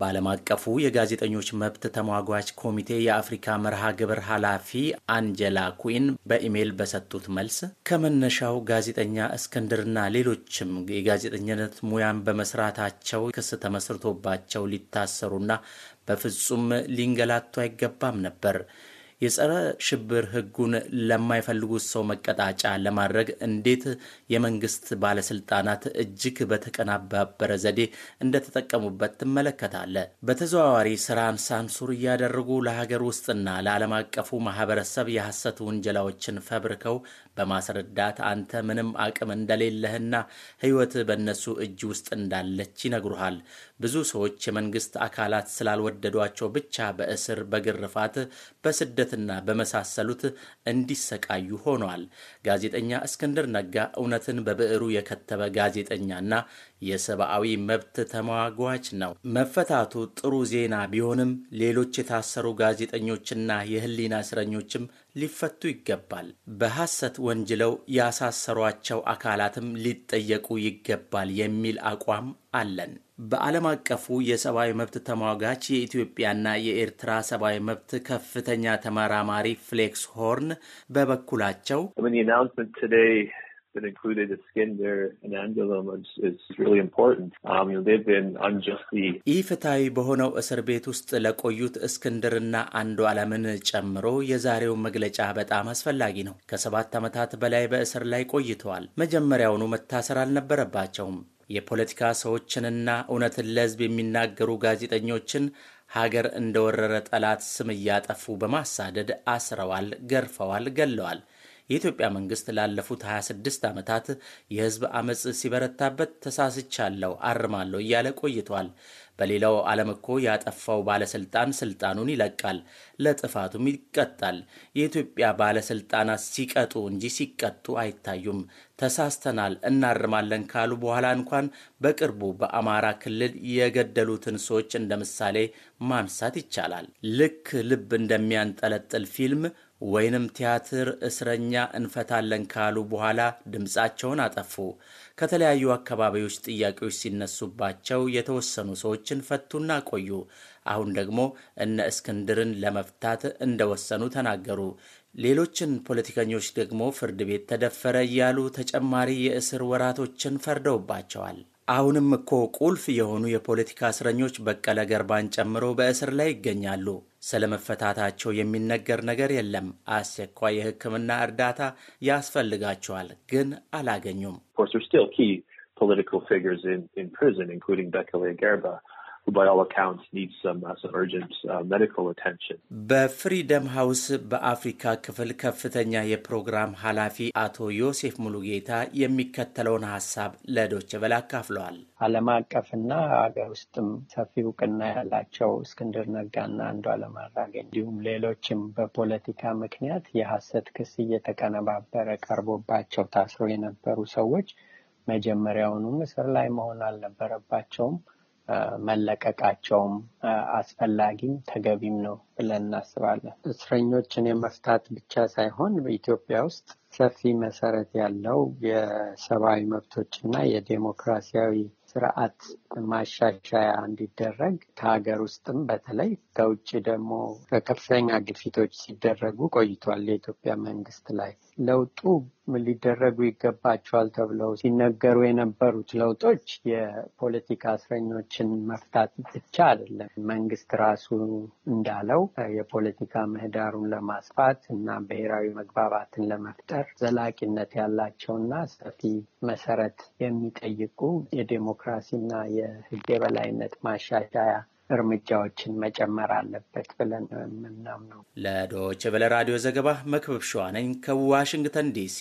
በዓለም አቀፉ የጋዜጠኞች መብት ተሟጓች ኮሚቴ የአፍሪካ መርሃ ግብር ኃላፊ አንጀላ ኩዊን በኢሜይል በሰጡት መልስ ከመነሻው ጋዜጠኛ እስክንድርና ሌሎችም የጋዜጠኝነት ሙያን በመስራታቸው ክስ ተመስርቶባቸው ሊታሰሩና በፍጹም ሊንገላቱ አይገባም ነበር። የጸረ ሽብር ሕጉን ለማይፈልጉት ሰው መቀጣጫ ለማድረግ እንዴት የመንግስት ባለስልጣናት እጅግ በተቀናባበረ ዘዴ እንደተጠቀሙበት ትመለከታለ። በተዘዋዋሪ ስራን ሳንሱር እያደረጉ ለሀገር ውስጥና ለዓለም አቀፉ ማህበረሰብ የሐሰት ውንጀላዎችን ፈብርከው በማስረዳት አንተ ምንም አቅም እንደሌለህና ህይወት በእነሱ እጅ ውስጥ እንዳለች ይነግሩሃል። ብዙ ሰዎች የመንግስት አካላት ስላልወደዷቸው ብቻ በእስር በግርፋት በስደት በስደትና በመሳሰሉት እንዲሰቃዩ ሆኗል። ጋዜጠኛ እስክንድር ነጋ እውነትን በብዕሩ የከተበ ጋዜጠኛና የሰብአዊ መብት ተሟጋች ነው። መፈታቱ ጥሩ ዜና ቢሆንም ሌሎች የታሰሩ ጋዜጠኞችና የህሊና እስረኞችም ሊፈቱ ይገባል። በሐሰት ወንጅለው ያሳሰሯቸው አካላትም ሊጠየቁ ይገባል የሚል አቋም አለን። በዓለም አቀፉ የሰብአዊ መብት ተሟጋች የኢትዮጵያና የኤርትራ ሰብአዊ መብት ከፍተኛ ተመራማሪ ፍሌክስ ሆርን በበኩላቸው ይህ um, ፍትሐዊ በሆነው እስር ቤት ውስጥ ለቆዩት እስክንድርና አንዱ ዓለምን ጨምሮ የዛሬው መግለጫ በጣም አስፈላጊ ነው። ከሰባት ዓመታት በላይ በእስር ላይ ቆይተዋል። መጀመሪያውኑ መታሰር አልነበረባቸውም። የፖለቲካ ሰዎችንና እውነትን ለሕዝብ የሚናገሩ ጋዜጠኞችን ሀገር እንደወረረ ጠላት ስም እያጠፉ በማሳደድ አስረዋል፣ ገርፈዋል፣ ገለዋል። የኢትዮጵያ መንግስት ላለፉት 26 ዓመታት የህዝብ አመፅ ሲበረታበት ተሳስቻለሁ፣ አርማለሁ እያለ ቆይቷል። በሌላው ዓለም እኮ ያጠፋው ባለስልጣን ስልጣኑን ይለቃል፣ ለጥፋቱም ይቀጣል። የኢትዮጵያ ባለስልጣናት ሲቀጡ እንጂ ሲቀጡ አይታዩም። ተሳስተናል እናርማለን ካሉ በኋላ እንኳን በቅርቡ በአማራ ክልል የገደሉትን ሰዎች እንደ ምሳሌ ማንሳት ይቻላል። ልክ ልብ እንደሚያንጠለጥል ፊልም ወይንም ቲያትር እስረኛ እንፈታለን ካሉ በኋላ ድምፃቸውን አጠፉ። ከተለያዩ አካባቢዎች ጥያቄዎች ሲነሱባቸው የተወሰኑ ሰዎችን ፈቱና ቆዩ። አሁን ደግሞ እነ እስክንድርን ለመፍታት እንደወሰኑ ተናገሩ። ሌሎችን ፖለቲከኞች ደግሞ ፍርድ ቤት ተደፈረ እያሉ ተጨማሪ የእስር ወራቶችን ፈርደውባቸዋል። አሁንም እኮ ቁልፍ የሆኑ የፖለቲካ እስረኞች በቀለ ገርባን ጨምሮ በእስር ላይ ይገኛሉ። ስለመፈታታቸው የሚነገር ነገር የለም። አስቸኳይ የሕክምና እርዳታ ያስፈልጋቸዋል፣ ግን አላገኙም። በፍሪደም ሀውስ በአፍሪካ ክፍል ከፍተኛ የፕሮግራም ኃላፊ አቶ ዮሴፍ ሙሉጌታ የሚከተለውን ሀሳብ ለዶቼ ቬለ አካፍለዋል። ዓለም አቀፍና ሀገር ውስጥም ሰፊ እውቅና ያላቸው እስክንድር ነጋና አንዱዓለም አራጌ እንዲሁም ሌሎችም በፖለቲካ ምክንያት የሀሰት ክስ እየተቀነባበረ ቀርቦባቸው ታስረው የነበሩ ሰዎች መጀመሪያውኑም እስር ላይ መሆን አልነበረባቸውም። መለቀቃቸውም አስፈላጊም ተገቢም ነው ብለን እናስባለን። እስረኞችን የመፍታት ብቻ ሳይሆን በኢትዮጵያ ውስጥ ሰፊ መሰረት ያለው የሰብአዊ መብቶች እና የዴሞክራሲያዊ ስርዓት ማሻሻያ እንዲደረግ ከሀገር ውስጥም በተለይ ከውጭ ደግሞ ከፍተኛ ግፊቶች ሲደረጉ ቆይቷል። የኢትዮጵያ መንግስት ላይ ለውጡ ሊደረጉ ይገባቸዋል ተብለው ሲነገሩ የነበሩት ለውጦች የፖለቲካ እስረኞችን መፍታት ብቻ አይደለም። መንግስት ራሱ እንዳለው የፖለቲካ ምህዳሩን ለማስፋት እና ብሔራዊ መግባባትን ለመፍጠር ዘላቂነት ያላቸውና ሰፊ መሰረት የሚጠይቁ የዴሞክራ የዲሞክራሲና የህግ የበላይነት ማሻሻያ እርምጃዎችን መጨመር አለበት ብለን የምናምነው። ለዶይቼ ራዲዮ ዘገባ መክበብ ሸዋነኝ ከዋሽንግተን ዲሲ